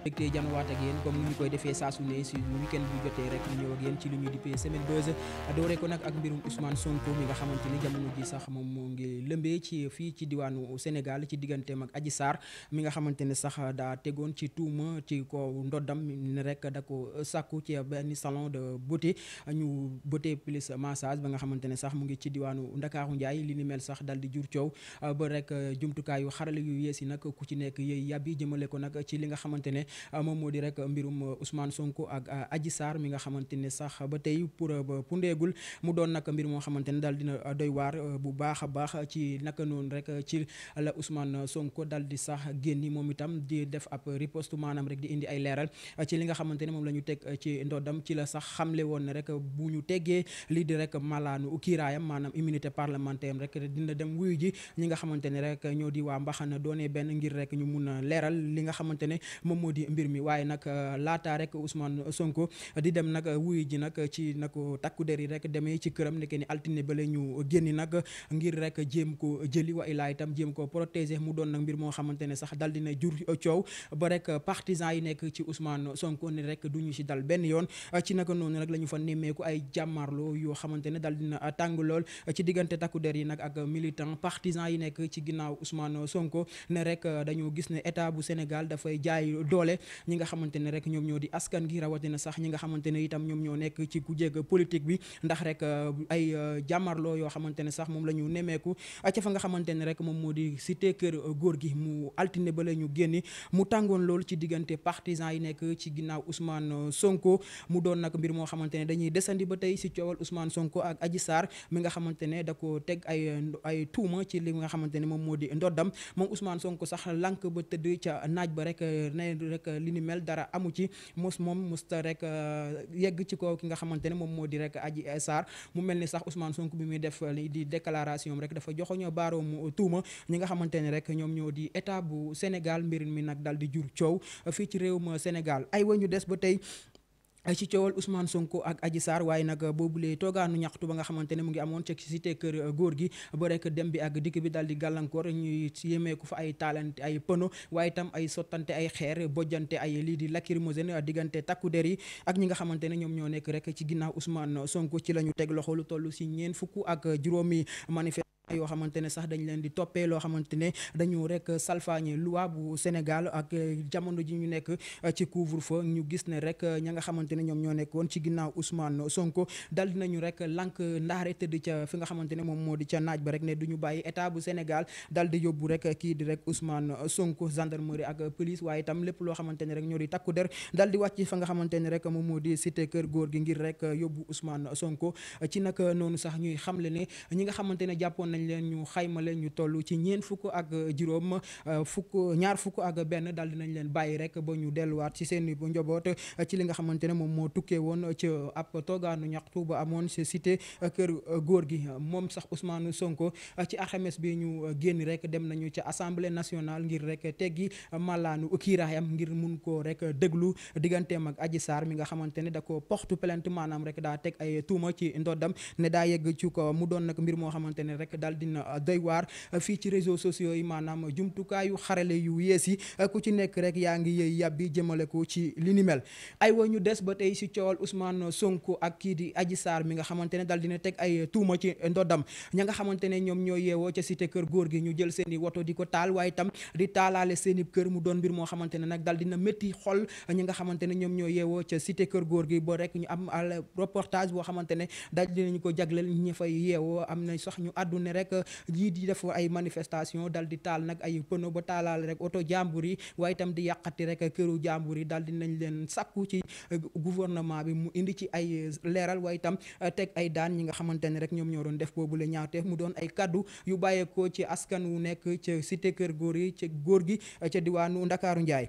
mbégtee jàmm waat ak comme ni ñu koy defee saa su ne si week bu jotee rek ñëw ak ci li ñuy dippee semaine dose dooree ko nag ak mbirum Ousmane Sonko mi nga xamante jamono ji sax moom moo ngi lëmbee ci fii ci diwaanu Sénégal ci digganteem ak aji saar mi nga xamante ne sax daa tegoon ci tuuma ci kow ndoddam ne rek da ko sàkku ci benn salon de a ñu beauté plus massage ba nga xamante ne sax mu ngi ci diwaanu ndakaaxu Njaay li ni mel sax dal di jur coow ba rek jumtukaayu xarala yu yees yi nag ku ci nekk yëy yàbbi jëmale ko nag ci li nga xamante ne Euh, mom modi rek mbirum euh, Ousmane Sonko ak euh, Adji sar mi nga xamante sax ba tay pour pour mu don nak mbir mo xamante dal dina doy war bu baakha a baax ci nak non rek ci la Ousmane Sonko dal di sax genni momitam di def ap riposte manam rek di indi ay leral ci li nga xamante mom lañu tek ci ndodam ci la sax xamle won rek buñu teggé li di rek malaanu kiiraayam manam immunité parlementaire rek dina dem wuyu ji ñi nga xamante rek ñoo di wa mbaxana doonee ben ngir rek ñu mëna leral li nga xamante mom modi di mbir mi waaye nag euh, laata rek Ousmane Sonko di dem nag euh, wuyu ji nag ci nag takku der yi rek demee ci këram nekkee ni altine bale ñu génni nag ngir rek jéem ko jëli wa itam jéem ko protéger mu doon nag mbir moo xamante ne sax dal dina jur coow ba rek partisan yi nekk ci Ousmane Sonko ni rek duñu ci dal benn yoon ci naka noonu nag la ñu fa ay jàmmarloo yoo xamante ne dal dina tàng lool ci diggante takku yi nag ak militant partisan yi nekk ci ginnaaw Ousmane Sonko ne rek dañoo gis ne état bu Sénégal dafay jaay doole jàppale ñi nga xamante ne rek ñoom ñoo di askan gi rawatina sax ñi nga xamante ne itam ñoom ñoo nekk ci gujeeg politique bi ndax rek euh, ay euh, jàmmarloo yoo xamante sax moom la ñu nemeeku ca fa nga xamante ne rek moom moo di cité kër euh, góor gi mu altine ba la ñu génni mu tàngoon lool ci diggante partisans yi nekk ci ginnaaw Ousmane Sonko mu doon nag mbir moo xamante ne dañuy desandi ba tey si coowal Ousmane Sonko ak Adji Sarr mi nga xamante ne da ko teg ay ay tuuma ci li nga xamante ne moom moo di ndoddam moom Ousmane Sonko sax lànk ba tëdd ca naaj ba rek rek euh, li ni mel dara amu ci mos moom musta rek euh, yegg ci kow ki nga xamante ne moom moo di rek Adji Sarr mu mel ni sax Ousmane sonk bi muy def euh, li di déclaration rek dafa joxoñoo baaroomu tuuma ñi nga xamante ne rek ñoom ñoo di état bu Sénégal mbirin mi nag dal di jur coow fii ci réewum Sénégal ay wa ñu des ba tey ay ci coowal usmaan Sonko ak Adji saar waaye nag boobulee toogaanu ñaxtu ba nga xamante ne mu ngi amoon ci cité kër euh, góor gi ba rekk dem bi ak dikk bi daal di gàllankoor ñuy yémeeku fa ay taalante ay pëno waaye tam ay sottante ay xeer bojjante ay lii di lacrymogène euh, diggante takku der yi ak ñi nga xamante ne ñoom ñoo nekk rek ci ginnaaw Ousmane Sonko ci la ñu teg loxo lu toll si ñeen fukk ak juróomi manifeste yoo xamante ne sax dañu leen di toppee loo xamante ne dañu rek salfaañe loi bu Sénégal ak euh, jamono ji ñu nekk euh, ci couvre-feu ñu gis ne rek euh, ña nga xamante ne ñoom ñoo nekkoon ci ginnaaw Ousmane Sonko dal dinañu rek lank ndaare tëdd ca fi nga xamante ne moom moo di ca naaj ba rek ne du bàyyi état bu Sénégal dal di yóbbu rek kii di rek Ousmane Sonko gendarmerie ak police waaye itam lépp loo xamante ne rek ñoo di takku der dal di wàcc fa nga xamante ne rek moom moo di cité kër góor gi ngir rek yóbbu Ousmane Sonko ci nag noonu sax ñuy xamle ne ñi nga xamante jàppoon nañ nañ ñu xayma leen ñu toll ci ñeen fukk ak juróom euh, fukk ñaar fukk ak benn daal dinañ leen bàyyi rek ba ñu delluwaat ci seen bu njaboot euh, ci li nga xamante ne moom moo tukkee woon ci ab toogaanu ñaxtu ba amoon ci cité euh, kër góor gi moom sax Ousmane Sonko ci alxames bi ñu génn rek dem nañu ca assemblée nationale ngir rek teggi malaanu kiiraayam ngir mun koo rek déglu digganteem ak Adji Sarr mi nga xamante ne da ko porte plainte maanaam rek daa teg ay tuuma ci ndoddam ne daa yegg ci ko mu doon daal dina uh, doy waar uh, fii ci réseaux sociaux yi maanaam jumtukaayu xarale yu yees yi uh, ku ci nekk rek yaa ngi yëy yàbbi jëmale ko ci li ni mel ñu des ba tey si coowal Ousmane Sonko ak kii di Adji Sarr mi nga xamante ne daal dina teg ay tuuma ci ndoddam ña nga xamante ne ñoom ñoo yeewoo ca cité kër góor gi ñu jël seen i di ko taal waaye itam di taalaale seen i kër mu doon mbir moo xamante ne nag daal dina métti xol ñi nga xamante ne ñoom ñoo yeewoo ca cité kër góor gi ba rek ñu am reportage boo xamante ne daal dinañu ko jagleel ñi fay yeewoo am na sax ñu àddune rek rek jii di def ay manifestation dal di taal nag ay pëno ba taalaal rek oto jàmbur yi waaye itam di yàqati rek këru jàmbur yi daal di nañ leen sàkku ci eh, gouvernement bi mu indi ci ay eh, leeral waaye itam eh, teg ay daan ñi nga xamante ne rek ñoom ñoo doon def boobu la ñaawteef mu doon ay kàddu yu bàyyeekoo ci askan wu nekk ca te kër góor yi ca góor gi ca diwaanu Ndakaaru Njaay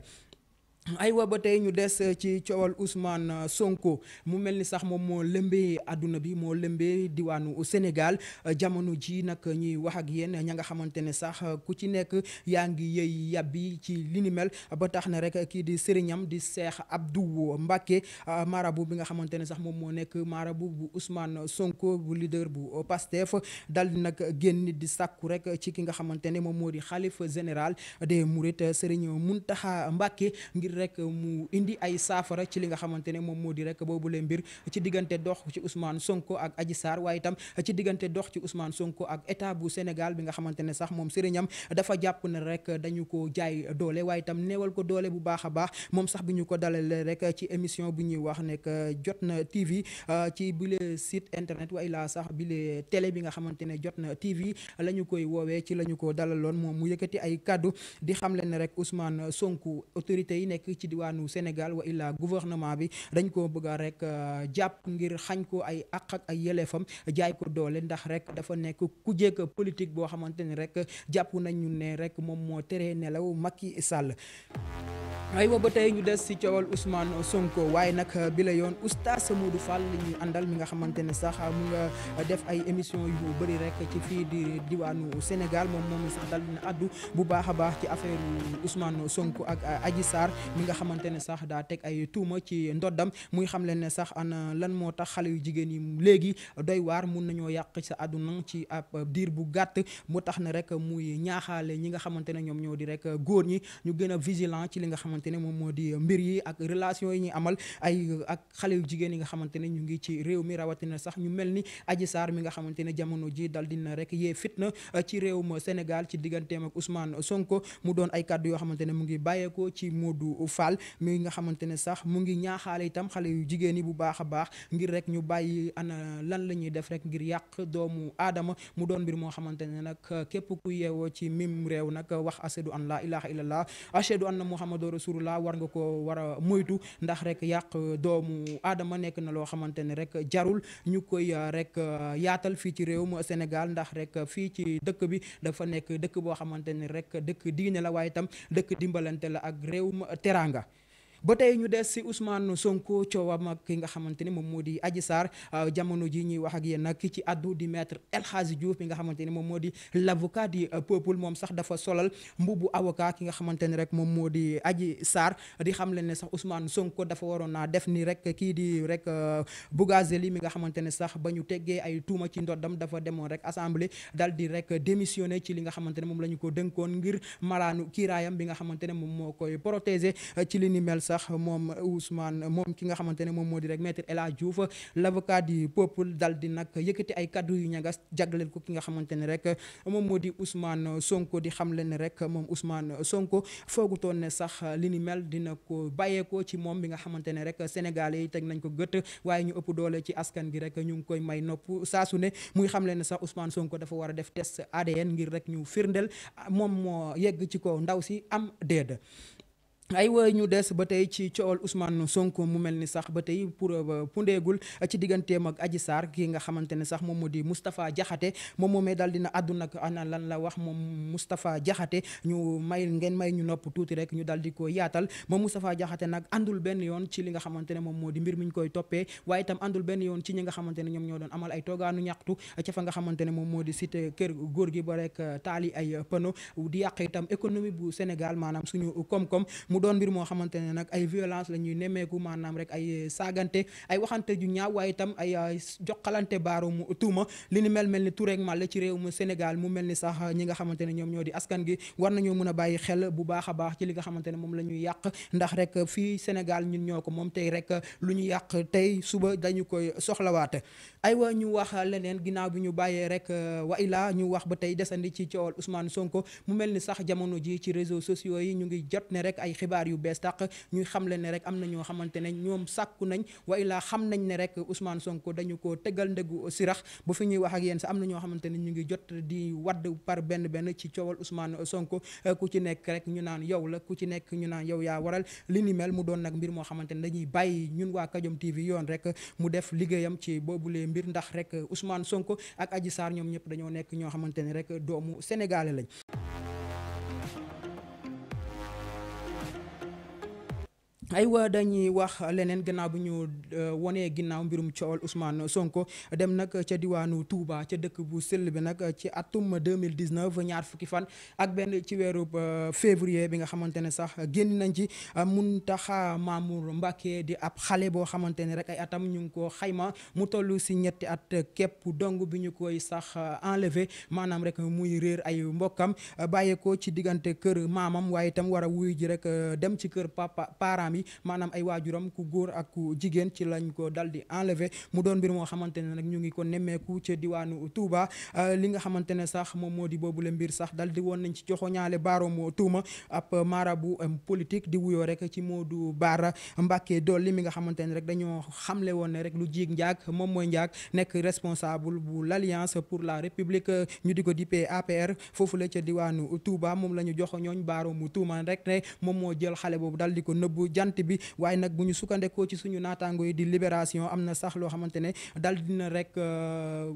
aywa ba tey ñu des euh, ci coowal Ousmane euh, Sonko mu mel ni sax moom moo lëmbee àdduna bi moo lëmbee diwaanu Sénégal euh, jamono ji nag ñuy wax ak yéen ña nga xamante ne sax ku ci nekk yaa ngi yëy yàbbi ci li ni mel ba tax na rek kii di sëriñam di Cheikh Abdou Mbacké marabu bi nga xamante ne sax moom moo nekk marabu bu Ousmane Sonko bu leader bu Pastef dal di nag génn di sàkku rek ci ki nga xamante ne moom moo di xalifa général des Mourides Serigne Mountakha Mbacké ngir ngir rek mu indi ay saafara ci li nga xamante ne moom moo di rek boobu lee mbir ci diggante dox ci Ousmane Sonko ak Adji Sarr waaye itam ci diggante dox ci usmaan Sonko ak état bu Sénégal bi nga xamante ne sax moom sëriñam dafa jàpp ne rek dañu ko jaay doole waaye itam neewal ko doole bu baax a baax moom sax bi ñu ko dalalee rek ci émission bu ñuy wax nekk jot na TV euh, ci bile site internet waaye laa sax bile télé bi nga xamante ne jot na TV la ñu koy woowee ci la ñu ko dalaloon moom mu yëkkati ay kàddu di xam leen ne rek Ousmane Sonko autorité yi nekk nekk ci diwaanu Sénégal wa illa gouvernement bi dañ koo bëgg a rek euh, jàpp ngir xañ ko ay àq ak ay yelefam jaay ko doole ndax rek dafa nekk ku jekk politique boo xamante ni rek jàpp nañu ne rek moom moo teree nelaw mag Macky Sall aywa ba tey ñu des ci coowal Ousmane Sonko waaye nag euh, bi la yoon oustaz Modou Fall li ñuy àndal mi nga xamante ne sax euh, mu nga euh, def ay émission yu bëri rek ci fii di diwaanu Sénégal moom moom sax dal dina addu bu baax a baax ci affaire usmaan sonk ak aji Sarr mi nga xamante ne sax daa teg ay tuuma ci ndoddam muy xam leen ne sax ana lan moo tax xale yu jigéen yi léegi doy waar mun nañoo yàq sa àdduna ci ab diir bu gàtt mu tax na rek muy ñaaxaale ñi nga xamante ne ñoom ñoo di rek góor ñi ñu gën a vigilant ci li nga xamante xamante ne moom moo di mbir yi ak relation yi ñuy amal ay ak xale yu jigéen yi nga xamante ne ñu ngi ci réew mi rawatina sax ñu mel ni aji Sarr mi nga xamante ne jamono ji dal dina rek yee fitna uh, ci réew réewum Sénégal ci digganteem ak Ousmane Sonko mu doon ay kàddu yoo xamante ne mu ngi bàyyeekoo ci Modou Fall mi nga xamante ne sax mu ngi ñaaxaale itam xale yu jigéen yi bu baax a baax ngir rek ñu bàyyi ana lan la ñuy def rek ngir yàq doomu aadama mu doon mbir moo xamante ne nag uh, képp ku yeewoo ci mim réew nag uh, wax ashadu laa war nga ko war a moytu ndax rek yàq doomu aadama nekk na loo xamante ne rek jarul ñu koy rek yaatal fii ci réew réewum Sénégal ndax rek fii ci dëkk bi dafa nekk dëkk boo xamante ni rek dëkk diine la waaye itam dëkk dimbalante la ak réewum teraanga ba tey ñu des si Ousmane Sonko coowam ak ki nga xamante ni moom moo di Adji Sarr euh, jamono ji ñuy wax ak yéen nag ci addu di maître El Hadji Diouf nga xamante ni moom moo di l'avocat du peuple moom sax dafa solal mbubu avocat ki nga xamante ni rek moom moo di Adji Sarr di xam leen ne sax Ousmane Sonko dafa waroon naa def ni rek kii di rek euh, Bougazeli mi nga xamante ne sax ba ñu teggee ay tuuma ci ndoddam dafa demoon rek assemblée dal di rek démissionné ci li nga xamante ne moom la ñu ko dënkoon ngir malaanu kiiraayam bi nga xamante ne moom moo koy protéger euh, ci li ni mel sax moom Ousmane moom ki nga xamante ne moom moo di rek maître El Hadj Diouf l'avocat dal di nag yëkkati ay kaddu yu ñagas jagleel ko ki nga xamante ne rek moom moo di Ousmane Sonko di xam leen rek moom Ousmane Sonko foogutoon ne sax li ni mel dina ko bàyyeekoo ci moom bi nga xamante ne rek Sénégalais yi teg nañ ko gët waaye ñu ëpp doole ci askan gi rek ñu ngi koy may nopp saa su ne muy xam leen ne sax usmaan Sonko dafa war a def test ADN ngir rek ñu firndeel moom moo yegg ci ko ndaw si am déed ay wa ñu des ba tey ci coowal Ousmane Sonko mu mel ni sax ba tey pour euh, pundeegul ci digganteem ak Adji Sarr ki nga xamante ne sax moom moo di Moustapha Diakhaté moom moomee daal dina àddu nag ana lan la wax moom Moustapha Diakhaté ñu may ngeen may ñu nopp tuuti rek ñu daal di ko yaatal moom Moustapha Diakhaté nag àndul benn yoon ci li nga xamante ne moom moo di mbir mi ñu koy toppee waaye itam àndul benn yoon ci ñi nga ne ñoom ñoo doon amal ay toogaanu ñaxtu ca fa nga xamante ne moom moo di cité kër góor gi ba rek taali ay pano di yàq itam économie bu senegal maanaam suñu koom-koom doon mbir moo xamante ne nag ay violence la ñuy nemmeeku maanaam rek ay euh, saagante ay waxante ju ñaaw waaye itam ay joxalante baaroom tuuma li ni mel mel ni Touré ak Male ci réew mu Sénégal mu mel ni sax ñi nga xamante ne ñoom ñoo di askan gi war nañoo mën a bàyyi xel bu baax a baax ci li xamante ne moom la ñuy yàq ndax rek fii Sénégal ñun ñoo ko moom tey rek lu ñu yàq tey suba dañu koy soxlawaate aywa ñu wax leneen ginnaaw bi ñu bàyyee rek euh, wa ilaa ñu wax ba tey desandi ci coowal Ousmane Sonko mu mel ni sax jamono ji ci réseau sociaux yi ñu ngi jot ne rek ay xibaar xibaar yu bees tàq ñuy xamle ne rek am na ñoo xamante ne ñoom sàkku nañ wa illaa xam nañ ne rek Ousmane Sonko dañu ko tegal ndegu sirax bu fi ñuy wax ak yéen sax am na ñoo xamante ne ñu ngi jot di wadd par benn benn ci coowal usmaan Sonko ku ci nekk rek ñu naan yow la ku ci nekk ñu naan yow yaa waral li ni mel mu doon nag mbir moo xamante ne dañuy bàyyi ñun waa Kajom TV yoon rek mu def liggéeyam ci boobulee mbir ndax rek Ousmane Sonko ak Adji Sarr ñoom ñëpp dañoo nekk ñoo xamante ne rek doomu Sénégalais lañ aywa dañuy wax leneen gannaaw bu ñu euh, wonee ginnaaw mbirum cool Ousmane Sonko dem nag ca diwaanu Touba ca dëkk bu sell bi nag ci atum 2019 ñaar fukki fan ak benn ci weeru euh, février bi nga xamante ne sax génn nañ ci euh, mun taxa Mamour Mbacke di ab xale boo xamante ne rek ay atam ñu ngi ko xayma mu toll si ñetti at képp dong bi ñu koy sax enlever maanaam rek muy réer ay mbokkam bàyyeekoo ci diggante kër maamam waaye itam wara wuy ji rek dem ci kër papa parents yi maanaam ay waajuram ku góor ak ku jigéen ci lañ ko dal di enlever mu doon mbir moo xamante ne nag ñu ngi ko nemeeku ca diwaanu Touba euh, li nga xamante ne sax moom moo di boobule mbir sax dal di woon nañ ci joxo ñaale baaroomu tuuma ab marabu euh, politique di wuyoo rek ci Modou Bara Mbacké Dolly mi nga xamante ne rek dañoo xamle woon ne rek lu jiig njaag moom mooy njaag nekk responsable bu l'Alliance pour la République ñu di ko dippee APR foofu la ca diwaanu Touba moom la ñu joxo ñooñ baaroomu tuuma rek ne moom moo jël xale boobu dal ko nëbb jan tant bi waaye nag bu ñu sukkandekoo ci suñu naataango yi di libération am na sax loo xamante ne na dina rek euh,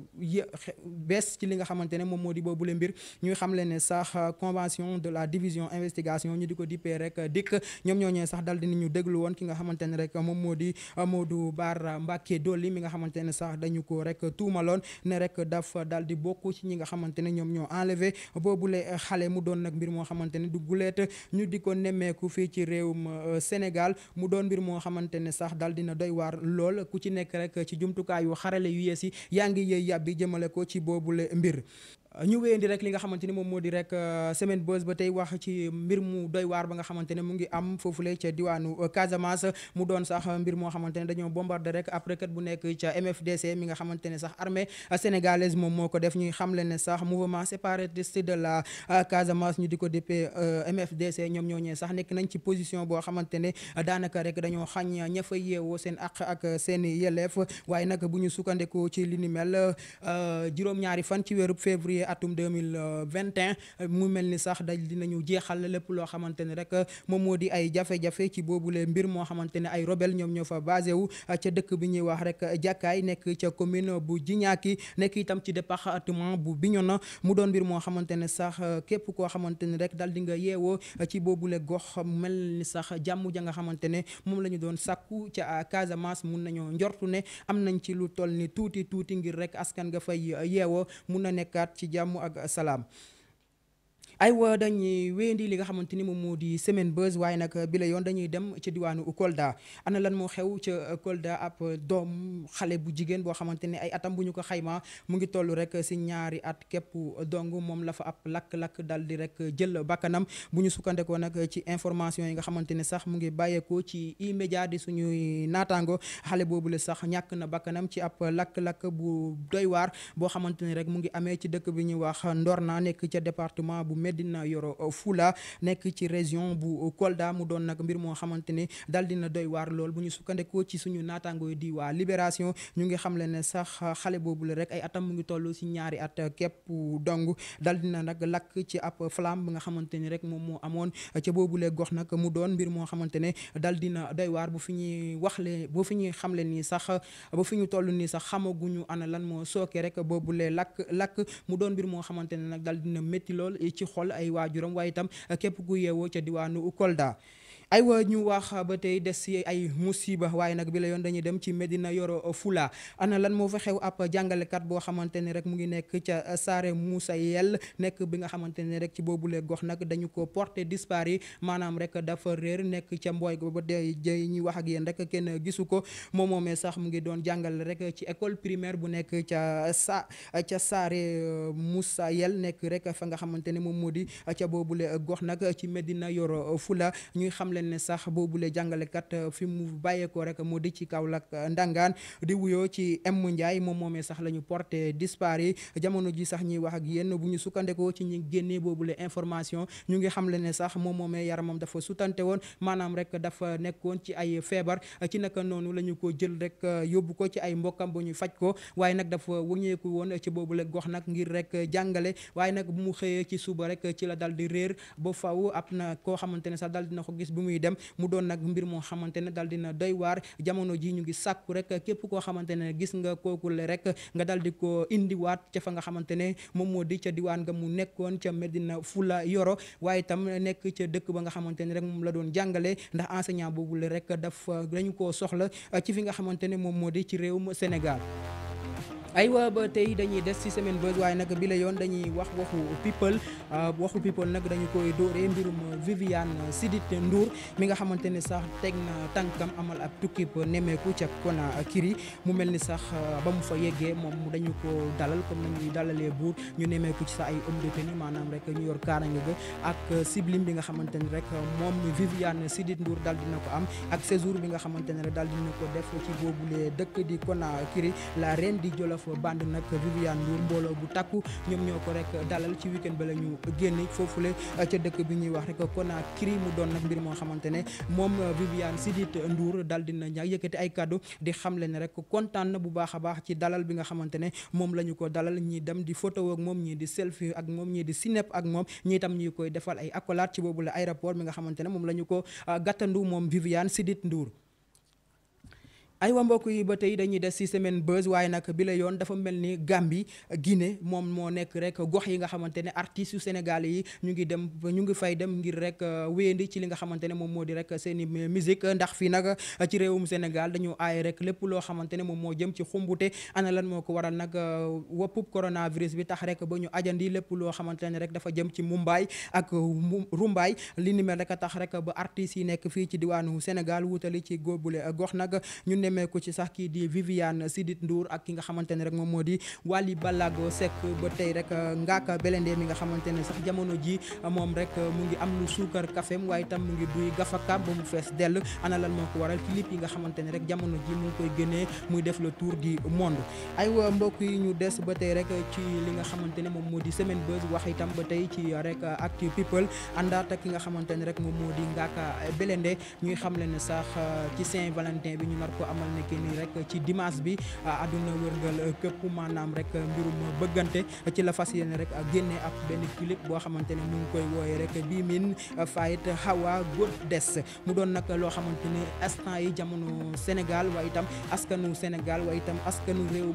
bees ci li nga xamante ne moom moo di boobule mbir ñuy xam leen ne sax euh, convention de la division investigation ñu di ko dippee rek euh, dikk ñoom ñooñee sax dal dinañu déglu woon ki nga xamante ne rek moom moo di Modou Bara Mbacké Dolly mi nga xamante ne sax dañu ko rek tuumaloon ne rek daf dal di ci ñi nga xamante ne ñoom ñoo enlevé boobule xale mu doon nag mbir moo xamante ne du guleet ñu di ko nemmeeku fii ci réewum Sénégal daal mu doon mbir moo xamante ne sax daal dina doy waar lool ku ci nekk rek ci jumtukaay yu xarale yu yees yi yaa ngi yëy yàbbi jëmale ko ci boobule mbir ñu wéyandi rek li nga xamante ni moom moo di rek euh, semaine buzz ba tey wax ci mbir mu doy waar ba nga xamante ne mu ngi am foofu foofule ca diwaanu euh, Casamance mu doon sax mbir moo xamante ne dañoo bombardé rek après requête bu nekk ca MFDC mi nga xamante ne sax armée sénégalaise moom moo ko def ñuy xamle ne sax mouvement séparatiste de la euh, Casamance ñu di ko déppee MFDC ñoom ñoo ñee sax nekk nañ ci position boo xamante ne daanaka rek dañoo xañ ña fa yeewoo seen àq ak seen yelleef waaye nag bu ñu sukkandiku ci li mel juróom-ñaari fan ci weeru février atum deux mille vingt et mu mel ni sax daj dinañu jeexal lépp loo xamante ne rek moom moo di ay jafe-jafe ci boobule mbir moo xamante ne ay rebelle ñoom ñoo fa basé wu ca dëkk bi ñuy wax rek jàkkaay nekk ca commune bu Djinaki nekk itam ci département bu biño na mu doon mbir moo xamante ne sax képp koo xamante ne rek dal di nga yeewoo ci boobule gox mel ni sax jàmm ja nga xamante ne moom la ñu doon sàkku ca Casamance mun nañoo njortu ne am nañ ci lu toll ni tuuti tuuti ngir rek askan nga fay jàmm ak salaam ay aywa dañuy wéyandi li nga xamante ni moom moo di semaine buzz waaye nag bila yoon dañuy dem ci diwaanu Kolda ana lan moo xew ca Kolda ab doom xale bu jigéen boo xamante ne ay atam bu ñu ko xayma mu ngi toll rek si ñaari at képp dong moom la fa ab lakk-lakk dal di rek jël bakkanam bu ñu sukkandekoo nag ci information yi nga xamante ne sax mu ngi bàyyeekoo ci immédiat di suñuy naataango xale boobu la sax ñàkk na bakkanam ci ab lakk-lakk bu doy waar boo xamante ne rek mu ngi amee ci dëkk bi ñuy wax naa nekk ca département bu Medina Yoro euh, Fula nekk ci région bu euh, Kolda mu doon nag mbir moo xamante ne dal dina doy waar lool bu ñu sukkandekoo ci suñu naataangoo di waa Libération ñu ngi xam le ne sax xale boobu la rek ay atam mu ngi toll si ñaari at képp dong dal dina nag lakk ci ab flamme bi nga xamante ni rek moom moo amoon ca boobule gox nag mu doon mbir moo xamante ne dal dina doy waar bu fi ñuy waxle bu fi ñuy xamle nii sax ba ñu toll nii sax xamaguñu ana lan moo sooke rek boobule lakk lool ci xol ay waajuram waaye itam eh, képp ku yeewoo ca diwaanu Kolda ay aywa ñu wax ba tey des si ay musiba waaye nag bi la yoon dañuy dem ci Medina Yoro Fula ana lan moo fa xew ab jàngalekat boo xamante ne rek mu ngi nekk ca Saare Moussa Yel nekk bi nga xamante ne rek ci boobule gox nag dañu ko porté disparu maanaam rek dafa réer nekk ca mbooy ba tey ñuy wax ak yéen rek kenn gisu ko moom moomee sax mu ngi doon jàngal rek ci école primaire bu nekk ca sa ca Saare euh, Moussa Yel nekk rek fa nga xamante ne moom moo di ca boobule gox nag ci Medina Yoro Fula ñuy xam leen ne sax boobule jàngalekat euh, fi mu bàyyeekoo rek moo di ci Kaolack euh, ndangaan di wuyoo ci M Ndiaye moom moomee sax la ñu porté disparu jamono ji sax ñuy wax ak yéen bu ñu sukkandekoo ci ñi génnee boobule information ñu ngi xam le ne sax moom moomee yaramam dafa sutante woon maanaam rek dafa nekkoon ci ay feebar ci naka noonu lañu ko jël rek euh, yóbbu ko ci ay mbokkam ba ñu faj ko waaye nag dafa wëñeeku woon ci boobule gox nag ngir rek jàngale waaye nag bu ci suba rek ci la dal di réer muy dem mu doon nag mbir moo xamante ne dal dina doy waar jamono ji ñu ngi sàkku rek képp koo xamante ne gis nga kooku kookule rek nga dal di ko indiwaat ca fa nga xamante ne moom moo di ca diwaan nga mu nekkoon ca fu la Yoro waaye itam nekk ca dëkk ba nga xamante ne rek moom la doon jàngale ndax enseignant boobule rek daf dañu koo soxla ci fi nga xamante ne moom moo di ci réewum Sénégal ay aywa ba tey dañuy des ci semaine buzz waaye nag bi la yoon dañuy wax waxu people ah, waxu people nag dañu koy dóoree mbirum Viviane Chidid Ndour mi nga xamante ne sax teg na tànkam amal ab tukkib nemmeeku ca Conakry mu mel ni sax ah, ba mu fa yeggee moom dañu ko dalal comme nañuy dalalee buur ñu nemmeeku ci sa ay homme de maanaam rek ñu yor kaaraange ga ak siblim bi nga xamante ne rek moom Viviane Chidid Ndour dal dina ko am ak séjour bi nga xamante ne rek dal dina ko def ci boobule dëkk di Conakry la di Jolof band nag Viviane Ndour mbooloo bu takku ñoom ñoo ko rek dalal ci weekend ba la ñu génne foofu ca dëkk bi ñuy wax rek Conakry mu doon nag mbir moo xamante ne moom Viviane Chidid Ndour dal dina ña yëkkati ay kaddu di xamle ne rek kontaan na bu baax a baax ci dalal bi nga xamante ne moom la ñu ko dalal ñi dem di photo ak moom ñii di selfie ak moom ñii di snap ak moom ñii tam ñi koy defal ay accolade ci boobu la aéroport mi nga xamante ne moom la ñu ko gàttandu moom Viviane di nduur ay wa mbokk yi ba tey dañuy des ci semaine buzz waaye nag bi la yoon dafa mel ni gàmbi Guinée moom moo nekk rek gox yi nga xamante ne artistes yu Sénégal yi ñu ngi dem ñu ngi fay dem ngir rek euh, wéyandi ci li nga xamante ne moom moo di rek seen i musique ndax fii nag euh, ci réewum Sénégal dañu aay rek lépp loo xamante ne moom moo jëm ci xumbute ana lan moo ko waral nag euh, woppub coronavirus bi tax rek ba ñu ajandi lépp loo xamante ne rek dafa jëm ci Mumbai ak Rumbai li ni mel rek a tax rek ba artistes yi nekk fii ci diwaanu Sénégal wutali ci góobule gox nag ko ci sax kii di Viviane Chidid nduur ak ki nga xamante ne rek moom moo di Wally Ballago Seck ba tey rek euh, Ngaaka Blindé mi nga xamante ne sax jamono ji euh, moom rek euh, mu ngi am lu suukar kafem waaye itam mu ngi duy gafaka ba mu fees dell ana ko waral clip yi nga xamante ne rek jamono ji mu ngi koy génnee muy def le tour du monde aywa mbokk yi ñu des ba tey rek ci li nga xamante ne moom moo di semaine buzz wax itam ba tey ci rek actu people àndaat ak ki nga xamante ne rek moom moo di Ngaaka Blindé ñuy xam leen sax ci Saint Valentin bi ñu nar ko am amal rek ci dimanche bi àdduna wërngal euh, képp maanaam rek euh, mbirum bëggante ci la fas yéene rek génne ak benn clip boo xamante ne mu ngi koy wooye rek bii min euh, fayit hawa góor des mu doon nag loo xamante ne instant yi jamono Sénégal waa itam askanu Sénégal waaye itam askanu réew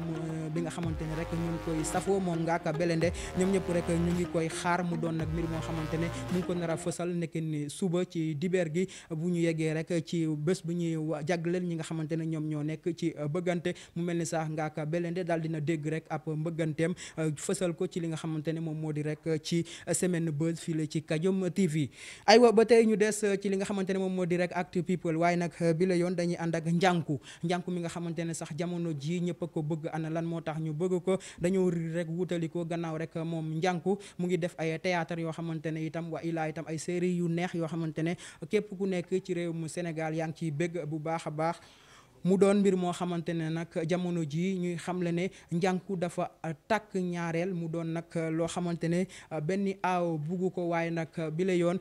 bi nga xamante ne rek ñu ngi koy safoo moom Ngaaka Blindé ñoom ñëpp rek ñu ngi koy xaar mu doon nag mbir moo xamante ne mu ngi ko nar a fësal nekk ni suba ci dibeer gi bu ñu yeggee rek ci bés bu ñuy jagleel ñi nga xamante ñoom ñoo nekk ci euh, bëggante mu mel ni sax Ngaaka Blindé daal dina dégg rek ab mbëgganteem euh, fësal ko ci li nga xamante ne moom moo di rek ci euh, semaine fii la ci Kajom TV aywa ba tey ñu des ci li nga xamante ne moom moo di rek actu people waaye nag bi la yoon dañuy ànd ak njànku njànku mi nga xamante ne sax jamono ji ñëpp ko bëgg ana lan moo tax ñu bëgg ko dañoo ri rek wutali ko gannaaw rek moom njànku mu ngi def ay théâtre yoo xamante ne itam wa ilaa itam ay série yu neex yoo xamante ne képp ku nekk ci réew mu Sénégal yaa ngi ciy bëgg bu baax a baax mu doon mbir moo xamante ne nag jamono ji ñuy xamle ne njànku dafa takk ñaareel mu doon nag loo xamante ne benn aaw bugg ko waaye nag bi la yoon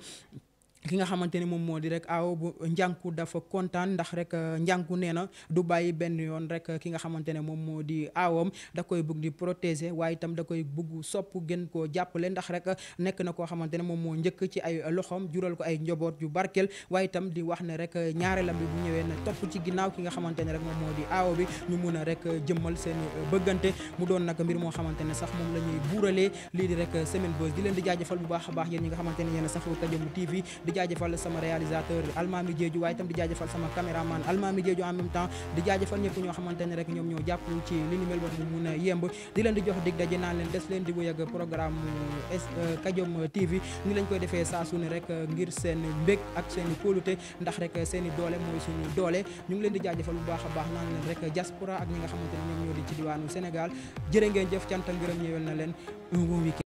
ki nga xamante ni moom moo di rek aw bu njànku dafa kontaan ndax rek euh, njànku nee na du bàyyi benn yoon rek euh, ki nga xamante ne moom moo di aawam da koy bëgg di protéger waaye itam da koy bëgg sopp gën koo jàppale ndax rek euh, nekk na koo xamante ne moom moo njëkk ci ay loxoom jural ko ay njaboot yu barkeel waaye itam di wax ne rek ñaareelam bi ñëwee na topp ci ginnaaw ki nga xamante ne rek moom moo di aaw bi ñu mun a rek jëmmal seen bëggante mu doon nag mbir moo xamante ne sax moom la ñuy buuralee lii di rek Semaine Buzz di leen di jaajëfal bu baax a baax yéen ñi nga xamante ne yéen a safoo Kadiom TV di jaajëfal sama réalisateur Almami Diédhiou waaye itam di jaajëfal sama caméraman Almami Diédhiou en même temps di jaajëfal ñëpp ñoo xamante rek ñoom ñoo a yemb di leen di jox dig daje naan leen des leen euh, defee saa ne rek euh, ngir seen mbég ak seen i kóolute ndax rek euh, seen doole mooy suñu doole ñu leen di jaajëfal bu baax a baax naan leen rek diaspora ak ñi nga xamante ñoom ñoo di ci diwaanu Sénégal jërë ngeen jëf cant ngërëm ñëwel na leen